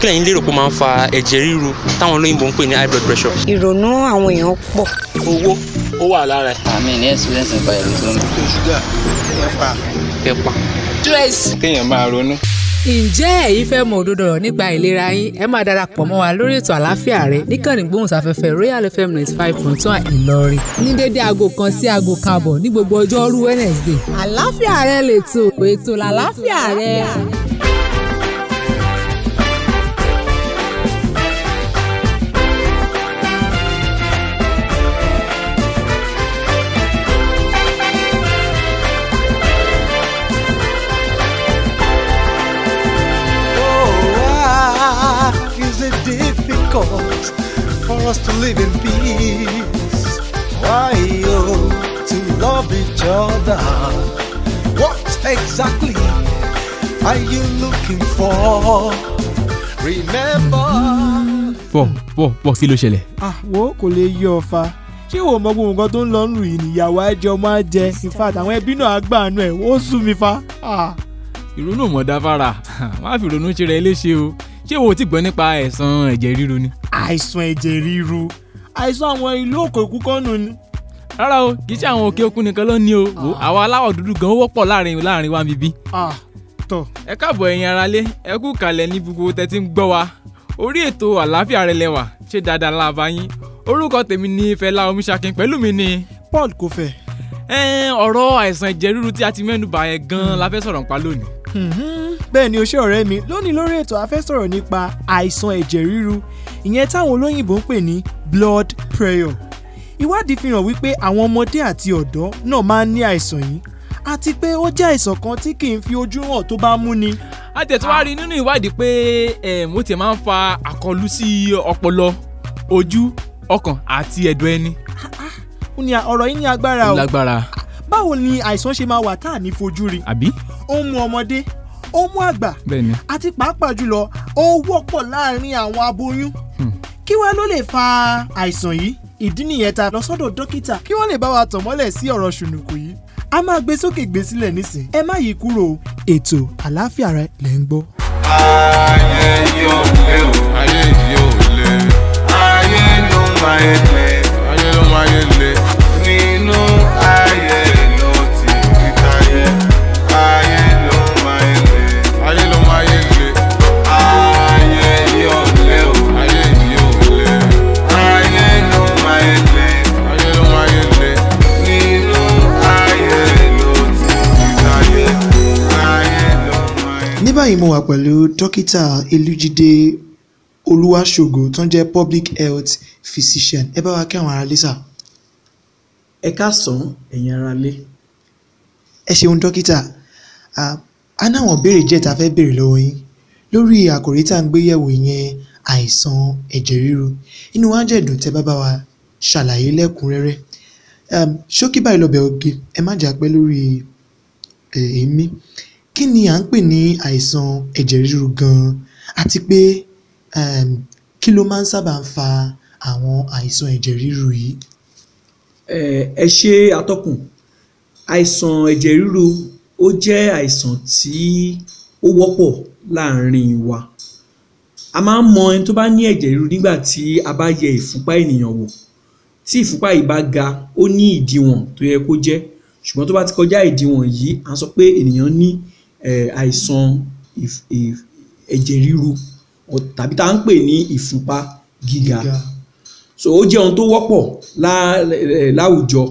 kí lẹ́yìn lérò pé ó máa ń fa ẹ̀jẹ̀ ríru táwọn olóyìnbó ń pè ní high blood pressure. ìrònú àwọn èèyàn pọ̀. owó ó wà lára ẹ̀. àmì ní experience nípa ẹ̀rù tó ń bọ̀. ṣúgà ẹ̀pà. ẹ̀pà. stress. kéèyàn máa ronú. Ǹjẹ́ ẹ̀yin fẹ́ mọ òdodo ọ̀rọ̀ nípa ìlera yín? Ẹ máa darapọ̀ mọ́ wa lórí ètò àlàáfíà rẹ níkànnì gbóhùnsáfẹ́fẹ́ Royal FM ninety five point one Ìlọrin. Ní dédé aago kan sí aago kan àbọ̀ ní gbogbo ọjọ́rú Wednesday. Àlàáfíà rẹ lè tó ètò làlàáfíà rẹ. Lord, for us to live in peace. Why, oh, to love each other. What exactly are you looking for? Remember. Bọ̀ bọ̀ bọ̀ kí ló ṣẹlẹ̀? Ah, wo kò lè yí ọ fa ṣé wò mọ gbogbo nǹkan tó ń lọ nù yìí nìyàwó ẹjọ máa jẹ in fact àwọn ẹbí náà gbàánú ẹ ó sú mi fa. Ah. ìrònú mọ̀dáfara má fi ìrònú ṣe rẹ léṣe o ṣé o ti gbọ́ nípa àìsàn ẹ̀jẹ̀ ríru ni. àìsàn ẹ̀jẹ̀ ríru àìsàn àwọn ìlú òkè òkun kọ́ nù ni. rárá o kì í ṣe àwọn òkè òkun nìkan ló ní o wò ah. àwọn aláwọ̀ dúdú gan wọ́pọ̀ láàrin láàrin wa bíbí. Ah, ẹ káàbọ̀ ẹ̀yin aráalé ẹ kú kalẹ̀ ní gbogbo tẹ́tí ń gbọ́ wa orí ètò àlàáfíà rẹ̀ lẹ́wà ṣé dáadáa láàbá yín orúkọ tèmi ni Fẹlá Omiṣakin pẹ̀lú mi ni. Paul Kofẹ. ọ̀rọ̀ àìsàn ẹ̀jẹ̀ ríru tí a ti mẹ́nu bà yẹn gan-an la fẹ́ sọ̀rọ̀ nípa lónìí bẹ́ẹ̀ ni o ṣé ọ̀rẹ́ mi lónìí lórí ètò a fẹ́ sọ̀rọ̀ nípa àìsàn ẹ̀jẹ̀ ríru ìyẹn táwọn olóyìnbó ń pè ní blood prayer. ìwádìí fi hàn wípé àwọn ọmọdé àti ọ̀dọ́ náà máa ń ní àìsàn yìí àti pé ó jẹ́ àìsàn kan tí kì í fi ojú hàn tó bá mú ni. a tẹ̀ tí wàá rí nínú ìwádìí pé eh, mo tiẹ̀ máa ń fa àkọlù sí ọpọlọ ojú ọkàn àti ẹ̀dọ̀ ẹni. ó ní ọ̀rọ̀ yìí ní agbára o. lágbára báwo ni àìsàn ṣe máa wà tá à ní fojú rí. àbí. ó ń mú ọmọdé ó ń mú àgbà. bẹ́ẹ̀ni. àti pàápàá jùlọ ó wọ́pọ̀ láàárín àwọn aboyún. Hmm. kí wàá ló lè fa àìsàn yìí ìdí nìyẹn ta lọ sọ́dọ̀ dókítà kí wọ́n lè bá wa tàn mọ́lẹ̀ sí ọ̀rọ̀ ṣùnùkù yìí a máa gbé sókè gbé sílẹ̀ nísìn ẹ má yí kúrò ètò àlàáfíà rẹ lẹ́ ń gbọ́. ayé yìí lé o ayé yìí lé ayé ló máa yé lé ayé ló máa yé lé. báyìí mo wà pẹ̀lú dókítà elújídé olúwaṣògo tó ń jẹ́ public health physician ẹ bá wa kí àwọn aráalé sà. ẹ káàsán ẹ̀yin aráalé. ẹ ṣeun dókítà a náwọn béèrè díẹ̀ tá a fẹ́ béèrè lọ́wọ́ yín lórí àkòrí tá à ń gbé yẹ̀wò ìyẹn àìsàn ẹ̀jẹ̀ ríru inú wa jẹ́ ìdùn tẹ́ bá bá wa ṣàlàyé lẹ́kùnrẹ́rẹ́ ṣókí báyìí lọ́bẹ̀ oge ẹ má jà pẹ́ lórí èémí kí ni à ń pè ní àìsàn ẹ̀jẹ̀ ríru gan-an àti pé um kí ló máa ń sábà ń fa àwọn àìsàn ẹ̀jẹ̀ ríru yìí? um ẹ ṣé atọ́kùn àìsàn ẹ̀jẹ̀ ríru ó jẹ́ àìsàn tí ó wọ́pọ̀ láàárín wa a máa ń mọ ẹni tó bá ní ẹ̀jẹ̀ ríru nígbà tí a bá yẹ ìfúnpá ènìyàn wò tí ìfúnpá yìí bá ga ó ní ìdíwọ̀n tó yẹ kó jẹ́ ṣùgbọ́n tó bá ti kọjá ìdíwọ̀n yìí à ń sọ pé ènìyàn ní àìsàn ẹ̀jẹ̀ ríru tàbí tá à ń pè ní ìfúnpá gíga so ó jẹ́ ohun tó wọ́pọ̀ láwùjọ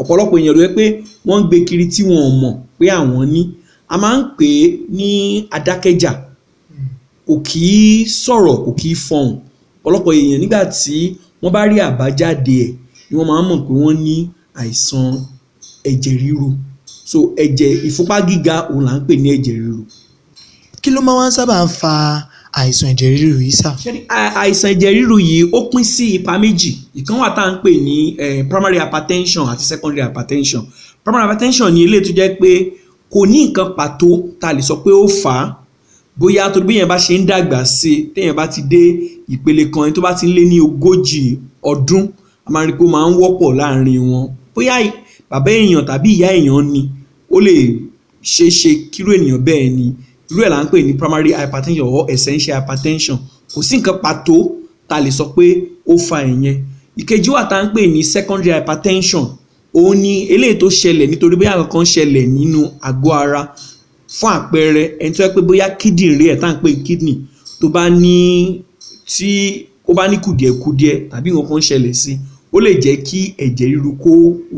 ọ̀pọ̀lọpọ̀ èèyàn ló yẹ pé wọ́n ń gbé kiri tí wọn ò mọ̀ pé àwọn ní a máa ń pè é ní adákẹ́jà kò kì í sọ̀rọ̀ kò kì í fọhùn ọ̀pọ̀lọpọ̀ èèyàn nígbà tí wọ́n bá rí àbájáde ẹ̀ ni wọ́n máa ń mọ̀ pé wọ́n ní àìsàn ẹ̀jẹ̀ ríru so ẹ̀jẹ̀ ìfúnpá gíga òun là ń pè ní ẹ̀jẹ̀ ríru. kí ló máa ń sábà ń fa àìsàn ẹ̀jẹ̀ ríru yìí sà. àìsàn ẹ̀jẹ̀ ríru yìí ó pín sí ipa méjì ìkan wà tá à ń pè ní primary hypertension àti secondary hypertension primary hypertension ni eléyìí tó jẹ́ pé kò ní nǹkan pàtó tá a lè sọ pé ó fà á bóyá torí bí èèyàn bá ṣe ń dàgbà sí i téèyàn bá ti dé ìpele kan tó bá ti lé ní ogójì ọdún a máa rí i pé ó máa ń wọ́pọ̀ láàrin wọn bóyá bàbá èèyàn tàbí ìyá èèyàn ni ó lè ṣeé ṣe kírú ènìyàn bẹ́ẹ̀ ni irú ẹ̀ là ń pè ní primary hypertension or essential hypertension kò sí nǹkan pàtó ta lè sọ pé ó fa ìyẹn ìkejì wà tá à ń pè ní secondary hypertension òun ni eléyìí tó ṣẹlẹ̀ nítorí bóyá kankan ṣẹlẹ̀ nínú àgọ́ ara fún àpẹẹrẹ ẹni tó yẹ pé bóyá kíndìnrín ẹ̀ tá à ń pè kidney tó bá ní tí ó bá ní kùdìẹ̀kudiẹ tàbí nǹkan kan ṣẹlẹ̀ sí i ó lè jẹ́ kí ẹ̀jẹ̀ ríru kó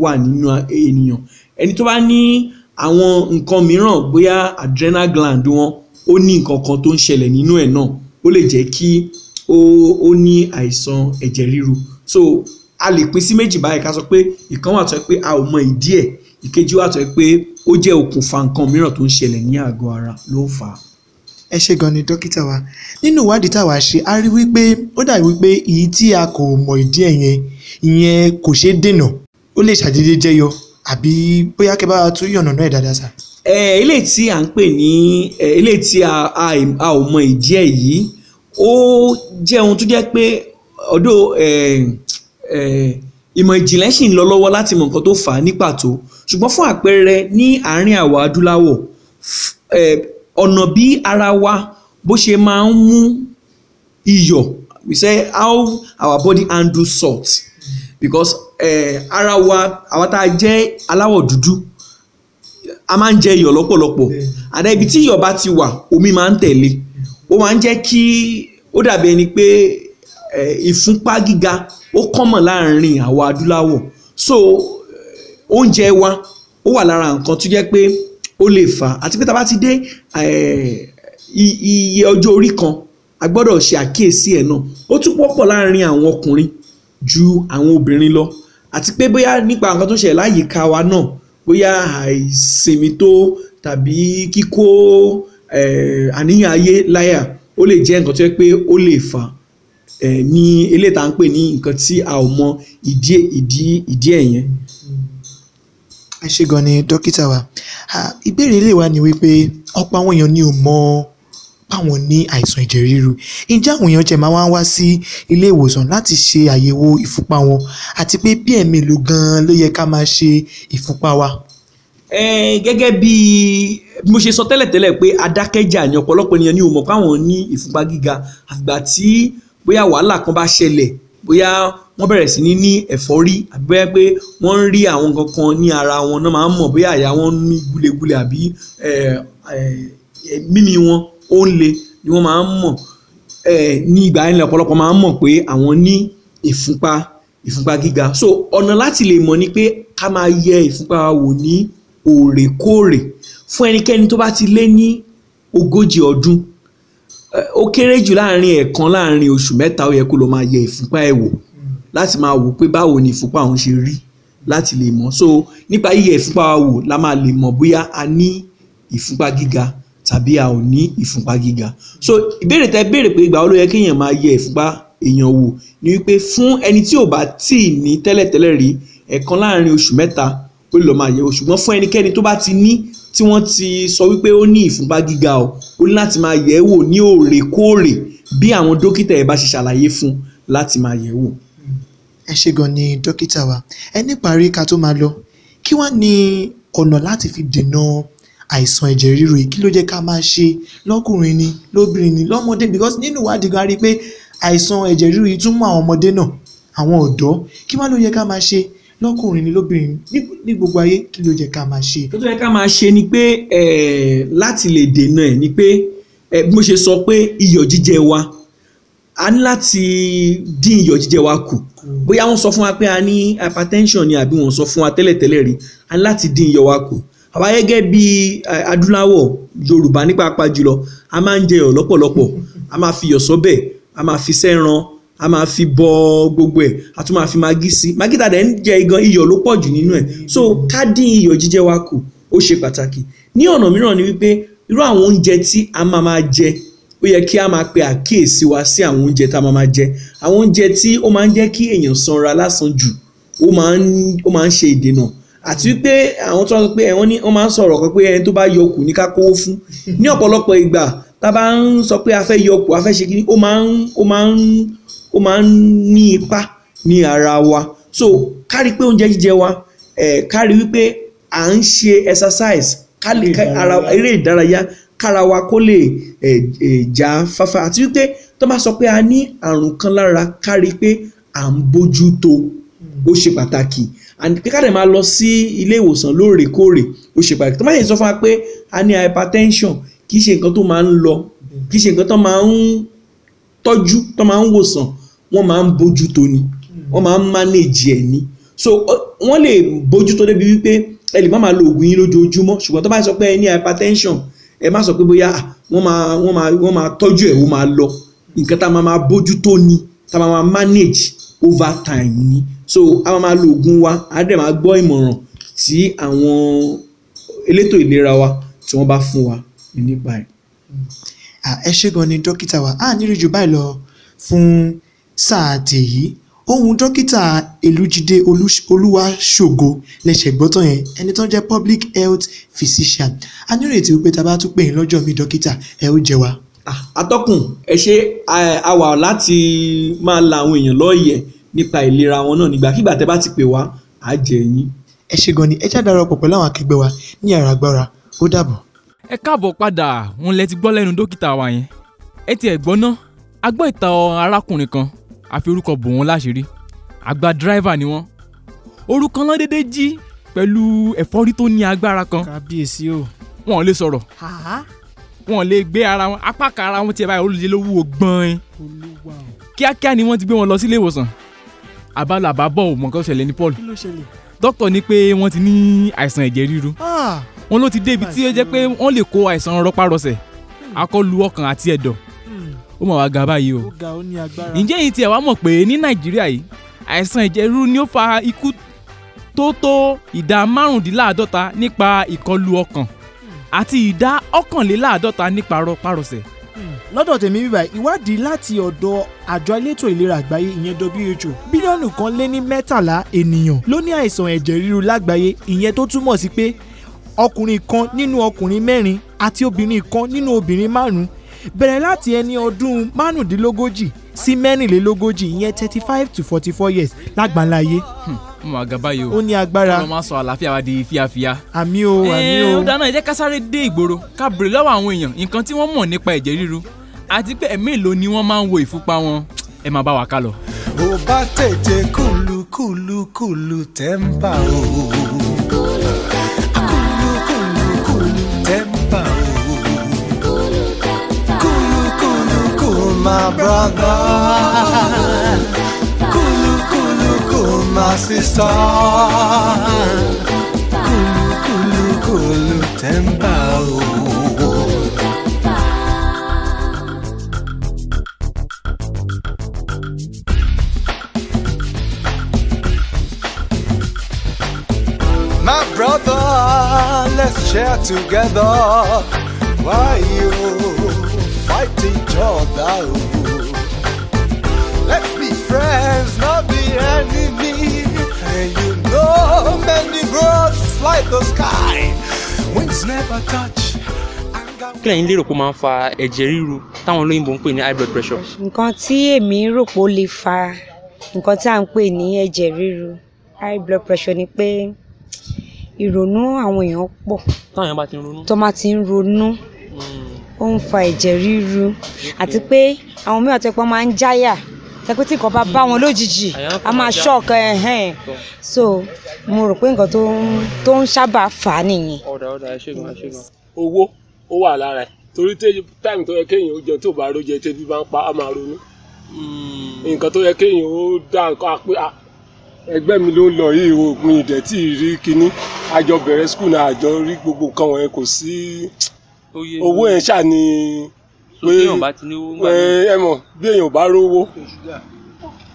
wà nínú ènìyàn ẹni tó bá ní àwọn nǹkan mìíràn bóyá adrenal gland wọn ó ní nǹkan kan tó ń ṣẹlẹ̀ nínú ẹ̀ náà ó lè jẹ́ kí ó ó ní àìsàn ẹ̀jẹ̀ ríru so a lè pín sí méjì báyìí ká sọ pé ìkan wà tó yẹ pé a ò mọ ìdí ẹ̀ ìkejì wà tó yẹ pé ó jẹ́ okùnfà nǹkan mìíràn tó ń ṣẹlẹ̀ ní àgọ́ ara ló fà á ẹ ṣe gan ni dókítà wa nínú ìwádìí táwa ṣe a rí wípé ó dàbí wípé èyí tí a kò mọ̀ ìdí ẹ̀ yẹn ìyẹn kò ṣeé dènà ó lè ṣàdédé jẹyọ àbí bóyá kẹ bá wa tún yànnà náà dáadáa sà. ẹ ilé tí à ń pè ní ilé tí a a ò mọ̀ ìdí ẹ̀ yìí ó jẹ́ ohun tó jẹ́ pé ọ̀dọ̀ ìmọ̀ ìjìnlẹ̀ ṣì ń lọ lọ́wọ́ láti mọ nǹkan tó fà á ní pàtó ṣùgbọ́n fún àpẹẹrẹ ní àárín àwa adúláwọ̀ ọ̀nà bí ara wa bó ṣe máa ń mú iyọ̀ we say how our body handle salt because eh, ara wa àwa tá a jẹ́ aláwọ̀ dúdú a máa ń jẹ iyọ̀ lọ́pọ̀lọpọ̀ àdá ibi tí iyọ̀ bá ti wà omi máa ń tẹ̀lé ó máa ń jẹ́ kí ó dàbí ẹni pé eh, ìfúnpá gíga ó kọ́mọ̀ láàrin àwa adúláwọ̀ so eh, oúnjẹ wa ó wà lára nǹkan tó jẹ́ pé ó lè fà á àti pé tá a bá ti dé iye ọjọ́ orí kan a gbọ́dọ̀ ṣe àkíyèsí ẹ̀ náà ó tún pọ̀pọ̀ láàrin àwọn ọkùnrin ju àwọn obìnrin lọ àti pé bóyá nípa nǹkan tó ṣẹlẹ̀ láyìíká wa náà bóyá àìsinmi tó tàbí kíkó àníyàn ayé láyà ó lè jẹ́ nǹkan tó yẹ pé ó lè fà ní eléyìí tá à ń pè ní nǹkan tí a ò mọ ìdí ìdí ìdí ẹ̀ ẹ ṣé gan ni dókítà wa ìbéèrè ilé wa ni wípé ọ̀pọ̀ àwọn èèyàn ni ò mọ báwọn ní àìsàn ẹ̀jẹ̀ ríru ǹjẹ́ àwọn èèyàn jẹ́ máa wá wá sí ilé ìwòsàn láti ṣe àyẹ̀wò ìfúnpá wọn àti pé bí ẹ̀mélòó gan-an ló yẹ ká máa ṣe ìfúnpá wa. ẹ gẹ́gẹ́ bí mo ṣe sọ tẹ́lẹ̀tẹ́lẹ̀ pé adákẹ́jà ni ọ̀pọ̀lọpọ̀ ènìyàn ni ò mọ̀ káwọn ní ìfúnpá gíga àgbà tí bóyá wàhálà kan bá ṣẹlẹ̀ bóyá wọ́n bẹ̀rẹ̀ sí ní ní ẹ̀fọ́rí àbí bẹ́ẹ̀ pé wọ́n ń rí àwọn kankan ní ara wọn náà máa ń mọ̀ bóyá àyà wọn ń mí àbí mímí wọn ó ń le ni wọ́n máa ń mọ̀ ní ìgbà yẹn lọ́pọ̀lọpọ̀ máa ń mọ̀ pé àwọn ní ìfúnpá ìfúnpá gíga so ọ̀nà láti lè mọ̀ ni pé ká máa yẹ ìfúnpá wa wò ní òrèkóòrè fún ẹnikẹ́ni tó bá ti lé ní ogójì ọdún ó kéré jù láàrin ẹ̀ẹ̀kan láàrin oṣù mẹ́ta ó yẹ kó lọ máa yẹ ìfúnpá ẹ̀ wò láti máa wò pé báwo ni ìfúnpá òun ṣe rí láti lè mọ̀ so nípa yíyẹ ìfúnpá wa wò la máa lè mọ̀ bóyá a ní ìfúnpá gíga tàbí a ò ní ìfúnpá gíga so ìbéèrè tẹ́ béèrè pé ìgbà wo ló yẹ kéèyàn máa yẹ ìfúnpá èèyàn wò ni wípé fún ẹni tí ò bá tí ì ní tẹ́lẹ̀tẹ́lẹ̀ rí ẹ̀kan láàrin oṣù mẹ́ta ó lè lọ́ọ́ máa yẹ̀wò ṣùgbọ́n fún ẹnikẹ́ni tó bá ti ní tí wọ́n ti sọ wípé ó ní ìfúnpá gíga o ó ní láti máa yẹ̀ wò ní òòrèkóòrè bí àwọn dókítà ẹ̀ bá ṣe ṣàlàyé fún láti máa yẹ̀ wò ẹ ṣe gan ni dókítà wa ẹ níparí ká tó máa lọ kí wá ní ọ̀nà láti fi dènà àìsàn ẹ̀jẹ̀ ríru yìí kí ló jẹ́ ká máa ṣe lọ́kùnrin ni lóbìnrin ni lọ́mọdé because nínú ìwádìí gan a rí i pé àìsàn ẹ̀jẹ̀ ríru yìí tún mú àwọn ọmọdé náà àwọn ọ̀dọ́ kí wá ló yẹ ká máa ṣe lọ́kùnrin ni lóbìnrin ní gbogbo ayé kí ló yẹ ká máa ṣe. tó tó yẹ ká máa ṣe ni pé eh, láti lè dènà ẹ̀ ni pé eh, bí mo ṣe sọ pé iyọ̀ jíjẹ wa a ní láti dín iyọ̀ jíjẹ wa kù hmm. bóyá wọ́n sọ fún wa pé a ní hypertension ni àbí wọ́n sọ fún wa tẹ́lẹ̀tẹ́lẹ̀ rí a ní láti dín iyọ̀ wa kù àwa gẹ́gẹ́ bí eh, adúláwọ̀ yorùbá ní pàápàá jùlọ a máa ń jẹ iyọ̀ lọ́pọ̀lọpọ̀ a máa fi iyọ̀ sọ́bẹ̀ a máa fi sẹ́ran a máa fi bọ gbogbo ẹ̀ a tún máa fi magi sí magi tàdé ń jẹ igan iyọ̀ ló pọ̀ jù nínú ẹ̀ so ká dín iyọ̀ jíjẹ wa kù ó ṣe pàtàkì ní ọ̀nà mìíràn ni wípé irú àwọn oúnjẹ tí a máa máa jẹ ó yẹ kí a máa pe àkíyèsí wa sí àwọn oúnjẹ tá a máa máa jẹ àwọn oúnjẹ tí ó máa ń jẹ́ kí èèyàn sanra lásán jù ó máa ń ó máa ń ṣe ìdènà àti wípé àwọn tó wá sọ pé wọ́n ní wọ́n máa ń sọ̀rọ̀ kan pé ẹni tó bá yọkù ní ká kówó fún ní ọ̀pọ̀lọpọ̀ ìgbà tá a bá ń sọ pé a fẹ́ yọkù a fẹ́ ṣe kí ni ó máa ń ó máa ń ó máa ń ní ipa ní ara wa so ká rí pé oúnjẹ jíjẹ wa ẹ̀ ká wípé à ń ṣe exercise ká lè ká ara eré ìdárayá kára wa kó lè jà fáfá àti wípé tó bá sọ pé a ní àrùn kan lára kárí pé à ń bójú tó ó ṣe pàtàkì kíkàdé máa lọ sí ilé ìwòsàn lóòrèkóòrè ó ṣe pàtàkì tó máa yẹn sọ fún wa pé a ní hypertension kì í ṣe nǹkan tó máa ń lọ kì í ṣe nǹkan tó máa ń tọ́jú tó máa ń wòsàn wọ́n máa ń bójú ni wọ́n máa ń manage ẹ̀ ni so wọ́n lè bójú tó débi wípé ẹ lè má máa lo oògùn yín lójoojúmọ́ ṣùgbọ́n tó bá sọ pé ẹ ní hypertension ẹ má sọ pé bóyá ah, wọ́n máa wọ́n máa wọ́n máa tọ́jú ẹ̀ ó máa lọ nǹkan tá a máa bójú tó ni tá a máa manage over time ni so a máa lo oògùn wa a dẹ̀ máa gbọ́ ìmọ̀ràn tí àwọn elétò ìlera wa tí wọ́n bá fún wa nípa ẹ̀. ẹ ṣé gan ni dókítà wa a nírí báyìí lọ fún sáà tèyí ohun dókítà elújídé olúwaṣògo lẹsẹ gbọtàn yẹn ẹni tó ń jẹ́ public health physician a nírètí wípé tá a bá tún pè yín lọ́jọ́ mi dókítà ẹ ó jẹ wá. Ah, atọ́kùn ẹ ṣe a wà láti máa la àwọn èèyàn lọ́ọ̀yẹ̀ nípa ìlera wọn náà nígbàkigbà tẹ́ bá ti pè wá á jẹ yín. ẹ ṣe gan ni ẹ jáde darapọ̀ pẹ̀lú àwọn akẹgbẹ́ wa ní yàrá agbára ó dàbọ̀. ẹ káàbọ̀ padà wọn lẹ ti gbọ́ lẹ́nu dókítà wa yẹn ẹ tiẹ̀ gbọ́ ná a gbọ́ ìtàn a fi orúkọ bò wọ́n láṣìírí àgbà dírìvà ni wọ́n orúkọ náà dédé jí pẹ̀lú ẹ̀fọ́rí tó ní agbára kan kábíyèsí o wọn lè sọ̀rọ̀ wọn lè gbé ara wọn apá kan ara wọn tiẹ̀ báyìí olùdíje ló wúwo gbọ́n kíákíá ni wọ́n ti gbé wọn lọ sílé ìwòsàn àbálò àbábọ̀ ò mọ̀ nǹkan ṣẹlẹ̀ ní Paul dókítà ní pé wọ́n ti ní àìsàn ẹ̀jẹ̀ ríru wọn ló ti dé ibi tí ó jẹ́ pé wọ́n lè kó àìsàn rọpárọsẹ̀ akọlù ọkàn àti ẹ̀dọ̀ ó mà wá ga báyìí o ǹjẹ́ yìí tiẹ̀ wá mọ̀ pé ní nàìjíríà yìí àìsàn ẹ̀jẹ̀ ríru ni ó fa ikú tó tó ìdá márùndínláàádọ́ta nípa ìkọlù ọkàn àti ìdá ọ̀kànléláàádọ́ta nípa rọpárọsẹ̀. Hmm. lọ́dọ̀ tèmi bíbá ìwádìí láti ọ̀dọ̀ àjọ elétò ìlera àgbáyé ìyẹn WHO bílíọ̀nù kan lé ní mẹ́tàlá ènìyàn ló ní àìsàn ẹ̀jẹ̀ ríru lágbàáyé ìyẹn tó túmọ̀ sí pé ọkùnrin kan nínú ọkùnrin mẹ́rin àti obìnrin kan nínú obìnrin márùn-ún bẹ̀rẹ̀ láti ẹni ọdún márùndínlógójì sí mẹ́rìnlélógójì ìyẹn thirty five to forty four years lágbàlá ayé. ó hmm, máa ga báyìí o ó ní agbára ó máa sọ àlàáfíà wa di fíafíà. àmì o àmì o. ó dáná ẹ jẹ́ ká sáré dé ìgboro ká bèrè lọ́wọ́ àwọn èèyàn nǹkan tí wọ́n mọ̀ nípa ẹ̀jẹ̀ ríru àti pé mélòó ni wọ́n máa ń wo ìfúnpá wọn ẹ máa bá wa ká lọ. ó bá tètè kùlùkùlùkùlù tẹ́ ń bà ó. my brother. Kulu, kulu, kulu, my sister. Kulu, kulu, kulu, tempa. My brother, let's share together. Why you? fight each other. Oh. Let's be friends, not be enemies. And you know, many birds fly the sky. Wings never touch. kílẹ̀ yín lérò pé ó máa ń fa ẹ̀jẹ̀ ríru táwọn olóyìnbó ń pè ní high blood pressure. nǹkan tí èmi rò pé ó lè fa nǹkan tí à ń pè ní ẹ̀jẹ̀ ríru high blood pressure ni pé ìrònú àwọn èèyàn pọ̀. táwọn èèyàn bá ti ń ronú. tó máa ti ń ronú. Hmm ó ń fa ẹ̀jẹ̀ ríru àti pé àwọn mìíràn tó pọ́n máa ń jáyà tẹpẹ tí nǹkan bá bá wọn lójijì a máa shock ẹhẹn so mo rò pé nǹkan tó ń sábà fà á nìyẹn. ọ̀dà ọ̀dà ẹ ṣègùn ẹ ṣègùn owó ó wà lára ẹ̀ torí táìmù tó yẹ kéèyàn ó jẹun tó bá rójẹ tẹbi bá ń pa á máa ronú hmm. nǹkan tó yẹ kéèyàn ó dá nǹkan àpé ẹgbẹ́ mi ló ń lọ yìí òpin ìdẹ̀tì rí kínní àjọ bẹ̀rẹ̀ skul náà àjọ rí gbogbo nǹkan wọ̀nyẹn kò sí owó ẹ̀ ṣà ni pé ẹ mọ̀ bí èèyàn ò bá rówó.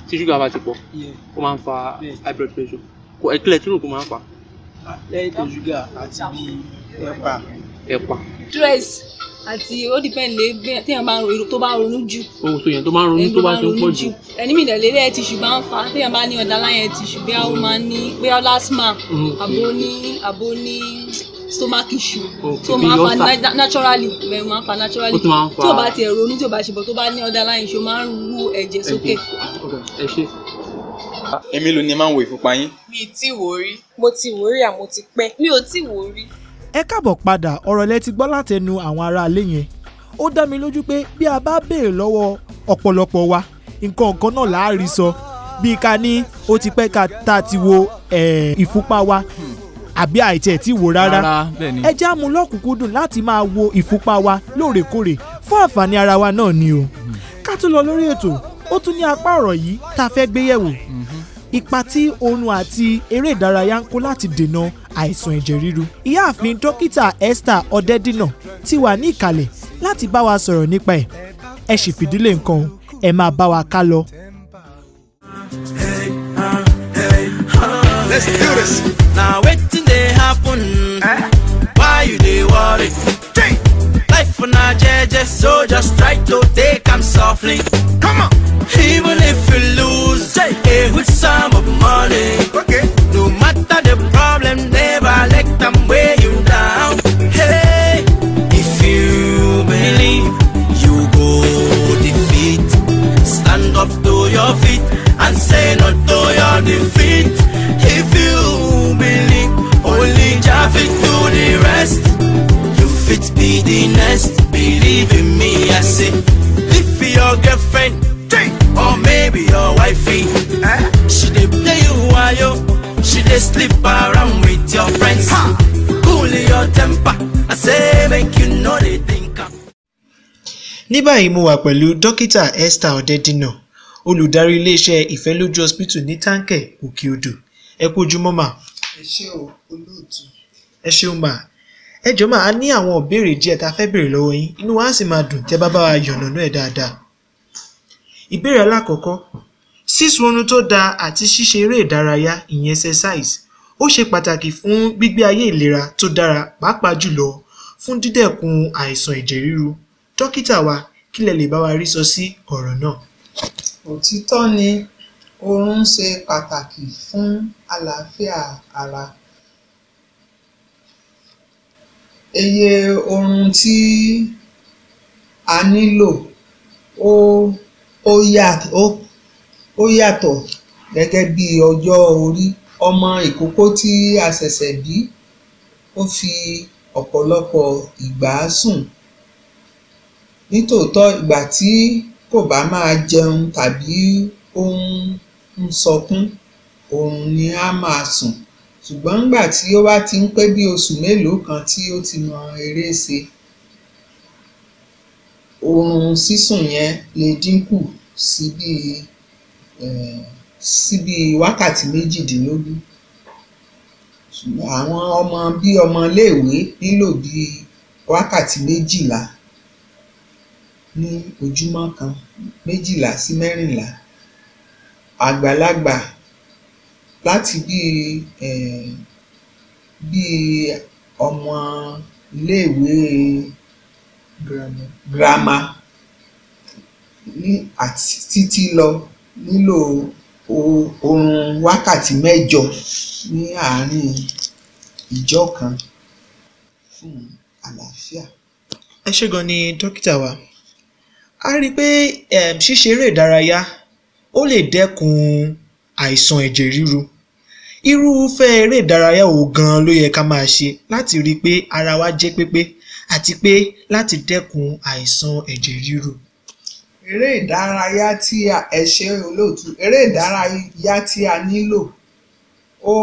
tí ṣúgà bá ti pọ̀ ó máa ń fa high blood pressure kò ẹ kílẹ̀ tí rò máa ń fa. lẹ́yìn tó ṣúgà àti bíi ẹ̀pà. ẹ̀pà. stress àti ó depend lé téèyàn bá ronú tó bá ronú jù. ohun tó yẹn tó bá ronú tó bá ti ń pọ̀ jù. ẹni mi ìdẹ̀lẹ́ lẹ́yìn tí ṣùgbọ́n ń fa téèyàn bá ní ọ̀dà láyẹn tí ṣùgbọ́n ó máa ní bóyá lásìmà mm-hmm. àbó ní àbó ní stomach issue So máa fa naturally bẹ́ẹ̀ máa fa naturally tí o bá tiẹ̀ ronú tí o bá ṣe bọ̀ tó bá ní underlying issue máa ń ru ẹ̀jẹ̀ sókè. Ah, ẹ ṣe èmi ló ní máa ń wo ìfúnpá yín. mi ti wò rí mo ti wò rí àmọ́ ti pẹ́ mi ò ti wò rí. ẹ káàbọ̀ padà ọ̀rọ̀ lẹ ti gbọ́ látẹnu àwọn aráalé yẹn ó dá mi lójú pé bí a bá béèrè lọ́wọ́ ọ̀pọ̀lọpọ̀ wa nǹkan kan náà là sọ bíi ká ní ó ti pẹ́ ká tá ti wo ìfúnpá wa àbí àìtẹ̀ tí wò rárá ẹ já mu lọ́kùnkúndùn láti máa wo ìfúnpá wa lóòrèkóòrè fún àǹfààní ara wa náà ni o ká tó lọ lórí ètò ó tún ní apá ọ̀rọ̀ yìí tá a fẹ́ gbé yẹ̀wò ipa tí oorun àti eré ìdárayá ń kó láti dènà àìsàn ẹ̀jẹ̀ ríru ìyáàfin dókítà Esther Ọ̀dẹ́dínà ti wà ní ìkàlẹ̀ láti bá wa sọ̀rọ̀ nípa ẹ̀ ẹ sì fìdílé nǹkan ẹ máa bá wa ká lọ. Uh, Let's do this. Now, wait happen. Eh? Why you dey worry? Life Life na jeje, so just try to take am softly. Come on. Even if you lose, hey, eh, with some of money. Okay. No matter the problem, never let them weigh you down. Hey, if you believe, you go defeat. Stand up to your feet and say no to your defeat. girlfriend or maybe your wifey. Eh? She dey play you wayo, she dey sleep around with your friends. Ha! Cool your temper, I say make you no dey think Ní báyìí mo wà pẹ̀lú dókítà Esther Ọ̀dẹ́dínà, olùdarí iléeṣẹ́ ìfẹ́lójú hospital ní Táǹkẹ̀ Òkè Odò. Ẹ kú ojúmọ́ mà. Ẹ ṣé o, olóòtú. Ẹ ṣeun mà. Ẹ jọ̀ọ́ mà, a ní àwọn ìbéèrè díẹ̀ tá a fẹ́ béèrè lọ́wọ́ yín. Inú wa á sì máa dùn tẹ́ bá bá wa yànnàná ẹ̀ dáadáa. Ìbéèrè alákọ̀ọ́kọ́ sísunrun tó dáa àti ṣíṣe eré ìdárayá ìyẹn exercise ó ṣe pàtàkì fún gbígbé ayé ìlera tó dára pàápàá jùlọ fún dídẹ́kun àìsàn ẹ̀jẹ̀ ríru. Dókítà wa kí lẹ lè bá wa rí sọ sí ọ̀rọ̀ náà? Òtítọ́ ni orun ṣe pàtàkì fún àlàáfíà ara. Iye orun tí a nílò ó ó yàtọ̀ ó ó yàtọ̀ gẹ́gẹ́ bí ọjọ́ orí ọmọ ìkókó tí a ṣẹ̀ṣẹ̀ bí ó fi ọ̀pọ̀lọpọ̀ ìgbà sùn nítòótọ́ ìgbà tí kò bá máa jẹun tàbí ó ń sọkún òun ni á máa sùn ṣùgbọ́n nígbà tí ó bá ti ń pé bí oṣù mélòó kan tí ó ti mọ eré ṣe oorun sísùn yẹn lè dínkù sí bí um sí bí wákàtí méjìdínlógún ṣùgbọ́n àwọn ọmọ bí ọmọ iléèwé nílò bí wákàtí méjìlá ní ojúmọ́ kan méjìlá sí mẹ́rìnlá àgbàlagbà láti bí um bí ọmọ iléèwé girama ní àti títí lọ nílò orun wákàtí mẹ́jọ ní àárín ìjọ́ kan fún àlàáfíà. ẹ ṣé gan ni dókítà wa a rí i pé ehm, ṣíṣe eré ìdárayá ó lè dẹ́kun àìsàn ẹ̀jẹ̀ ríru irúfẹ́ eré ìdárayá wo gan-an ló yẹ ká máa ṣe láti rí i pé ara wa jẹ́ pépé àti pé láti dẹ́kun àìsàn ẹ̀jẹ̀ ríru. eré ìdárayá tí a ẹ ṣe olóòtú eré ìdárayá tí a nílò ó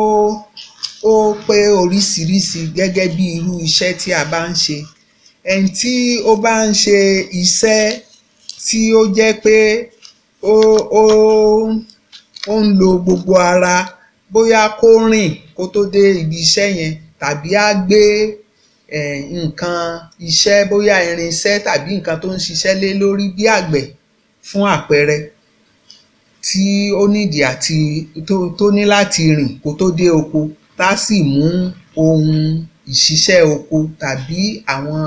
ó pé oríṣiríṣi gẹ́gẹ́ bí irú iṣẹ́ tí a bá ń ṣe ẹni tí ó bá ń ṣe iṣẹ́ tí ó jẹ́ pé ó ó ó ń lo gbogbo ara bóyá kó rìn kó tó dé ibi iṣẹ́ yẹn tàbí á gbé nǹkan iṣẹ́ bóyá irinṣẹ́ tàbí nǹkan tó ń ṣiṣẹ́ lé lórí bí àgbẹ̀ fún àpẹẹrẹ tí ó nídìí àti tó ní láti rìn kó tó dé oko tá sì mú ohun ìṣiṣẹ́ oko tàbí àwọn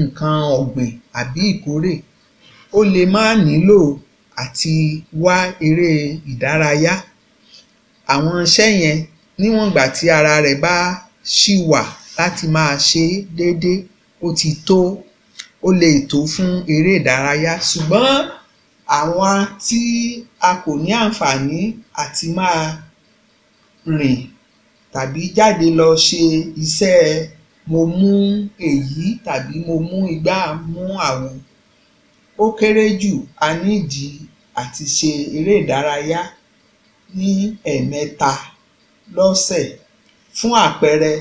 nǹkan ọ̀gbìn àbí ìkórè ó le má nílò àti wá eré ìdárayá. Àwọn iṣẹ́ yẹn níwọ̀n ìgbà tí ara rẹ̀ bá ṣì wà láti máa ṣe é déédéé ó ti tó ó lè tó fún eré ìdárayá ṣùgbọ́n àwa tí a kò ní àǹfààní àti máa rìn tàbí jáde lọ ṣe iṣẹ́ mo mú èyí tàbí mo mú igbá mú àwo ó kéré jù a nídìí àti ṣe eré ìdárayá ní ẹ̀ẹ̀mẹta lọ́sẹ̀ fún àpẹẹrẹ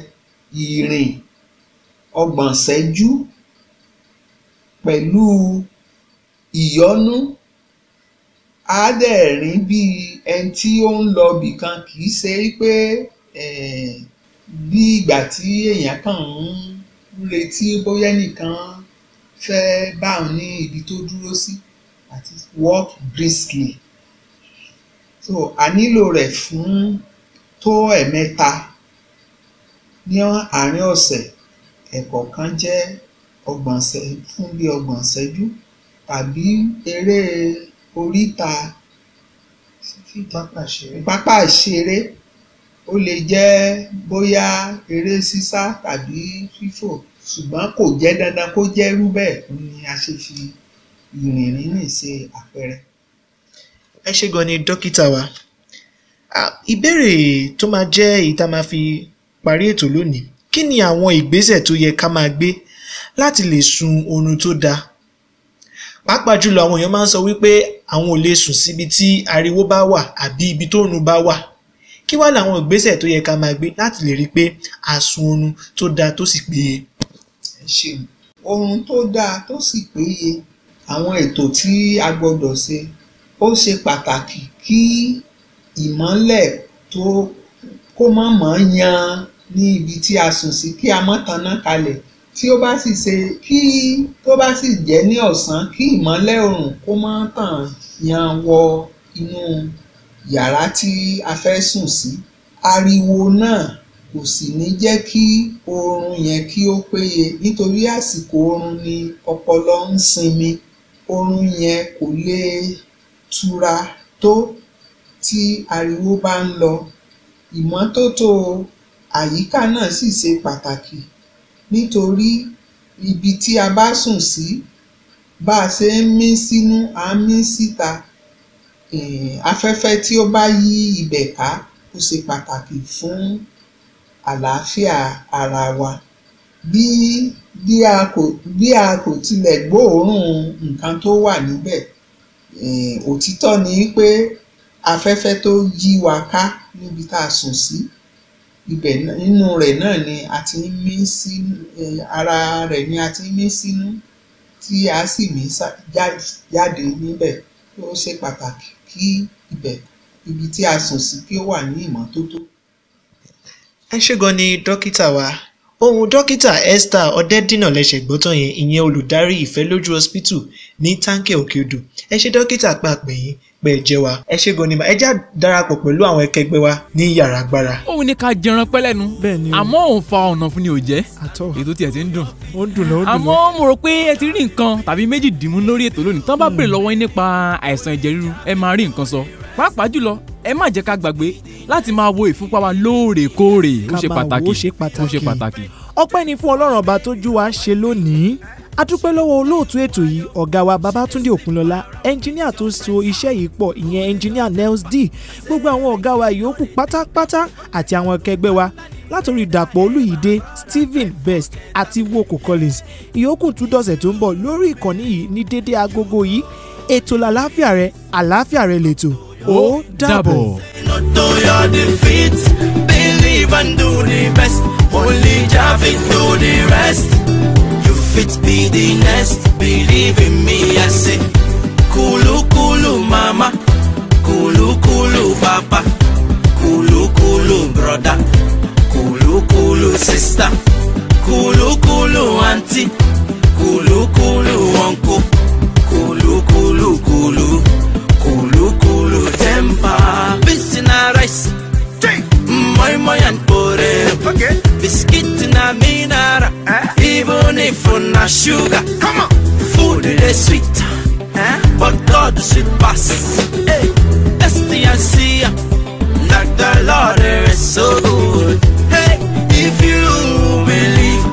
ìrìn ọgbọ̀n ìṣẹ́jú pẹ̀lú ìyọ́nú á dẹ̀ rìn bíi ẹni tí ó ń lọ ibìkan kì í ṣe pé um bí ìgbà tí èèyàn kàn ń retí bóyá ẹnìkan fẹ́ bá òun ní ibi tó dúró sí that is briskly so a nílò rẹ̀ fún tó ẹ̀mẹ́ta Ní àárín ọ̀sẹ̀ ẹ̀kọ̀kan jẹ́ ọgbọ̀n ìṣẹ́ fún bí ọgbọ̀n ìṣẹ́jú tàbí eré oríta pápá ìṣeré ó le jẹ́ bóyá eré sísá tàbí fífò ṣùgbọ́n kò jẹ́ dandan kó jẹ́ irú bẹ́ẹ̀ òhun ni a ṣe fi ìrìn rínrìn ṣe àpẹrẹ. Ẹ ṣé gan ni dọ́kítà wa. Ìbéèrè tó ma jẹ́ èyí tá ma fi parí ètò lónìí kí ni àwọn ìgbésẹ̀ tó yẹ ká máa gbé láti lè sun oorun tó dáa pàápàá jùlọ àwọn èèyàn máa ń sọ wípé àwọn ò lè sùn síbi tí ariwo bá wà àbí ibi tó oorun bá wà kí wá làwọn ìgbésẹ̀ tó yẹ ká máa gbé láti lè rí i pé a sun oorun tó dáa tó sì péye. oorun tó dáa tó sì péye àwọn ètò tí a gbọdọ̀ ṣe ó ṣe pàtàkì kí ìmọ́lẹ̀ tó kó má mọ̀ yan ní ibi tí a sùn sí kí a má taná kalẹ̀ tí ó bá sì ṣe kí tó bá sì jẹ́ ní ọ̀sán kí ìmọ́lẹ̀ oòrùn kó má tàn yan wọ inú yàrá tí a fẹ́ sùn sí ariwo náà kò sì ní jẹ́ kí oorun yẹn kí ó péye nítorí àsìkò oorun ni ọpọlọ ń sinmi oorun yẹn kò lè tura tó tí ariwo bá ń lọ ìmọ́tótó àyíká náà sì ṣe pàtàkì nítorí ibi tí a bá sùn sí bá a ṣe ń mí sínú à ń mí síta um afẹ́fẹ́ tí ó bá yí ibẹ̀ ká ó ṣe pàtàkì fún àlàáfíà ara wa bí bí a kò bí a kò tilẹ̀ gbóòórùn nǹkan tó wà níbẹ̀ òtítọ́ ni pé afẹ́fẹ́ tó yí wa ká níbi tá a sùn sí ibẹ̀ nínú rẹ̀ náà ni a ti ń mí sínú ara rẹ̀ ni a ti ń mí sínú tí a sì mí jáde níbẹ̀ ó ṣe pàtàkì kí ibẹ̀ ibi tí a sùn sí kí ó wà ní ìmọ́tótó. ẹ ṣé gan ni dókítà wa ohun dókítà Esther Ọ̀dẹ́dìnà lẹsẹ̀ gbọ́tàn yẹn ìyẹn olùdarí ìfẹ́ lójú hospital ní táǹkẹ̀ òkè odò ẹ ṣe dókítà pa àpèyìn pé ẹ jẹ wa ẹ ṣe gan ni ma ẹ já darapọ̀ pẹ̀lú àwọn ẹkẹgbẹ́ wa ní yàrá agbára. ó ní ká jẹran pẹ́ àmọ́ òun fa ọ̀nà fún ni ò jẹ́ ètò tiẹ̀ ti ń dùn. ó ń dùn lọ ó dùn lọ. àmọ́ mo rò pé ẹ ti rí nǹkan tàbí méjì dìmú lórí ètò lónìí tán bá hmm. béèrè lọ́wọ́ yín nípa àìsàn ẹ̀jẹ̀ ríru ẹ máa rí nǹkan sọ pàápàá jùlọ ẹ má jẹ́ ká gbàgbé láti máa wo ìfúnpá wa lóòrèkóòrè ó ṣe pàtàkì ó ṣe pàtàkì ọpẹ́ ni fún ọlọ́run ọba tójú wa ṣe lónìí adúpẹ́ lọ́wọ́ olóòtú ètò yìí ọ̀gá wa babatunde òkunlọ́lá ẹnjiníà tó so iṣẹ́ yìí pọ̀ ìyẹn ẹnjiníà nels d gbogbo àwọn ọ̀gá wa yòókù pátápátá àti àwọn akẹgbẹ́ wa látòrí dàpọ̀ olúyìdé stephen best àti woko collins ìyókù tún dọ̀sẹ̀ tó ń bọ̀ lórí ìkànnì yìí ní dédé agogo yìí ètò làlàáfíà rẹ àlàáfíà rẹ lètò ó dàbọ̀. Believe fit be the nest, Believe in me, I say. Kulu kulu mama, kulu kulu papa, kulu kulu brother, kulu kulu sister, kulu kulu auntie. For on sugar. Come on. Food is sweet, eh? but God is sweet pass. that's the answer. Like the Lord is so good. Hey, if you believe,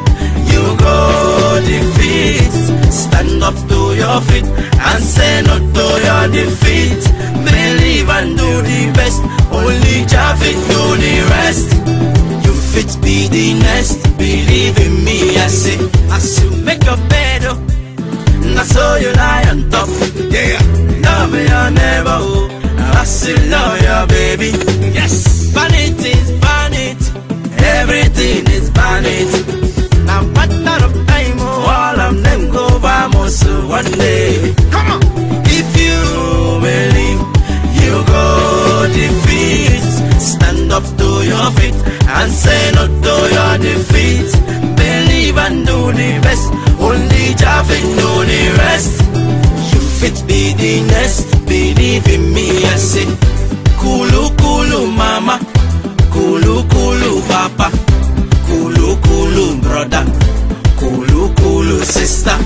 you go defeat. Stand up to your feet and say no to your defeat. Believe and do the best. Only Javid do the rest. You fit be the next. Sitting now, yeah, baby. Yes. Vanity is vanity. Everything is vanity. Now, matter of time, oh, all of them go by most one day. Come on. If you believe, you go defeat. Stand up to your feet and say no to your defeat. Believe and do the best. Only Javin do the rest. You fit be the next. Believe in me. se kulukulu mama kulukulu papa kulukulu broda kulukulu sister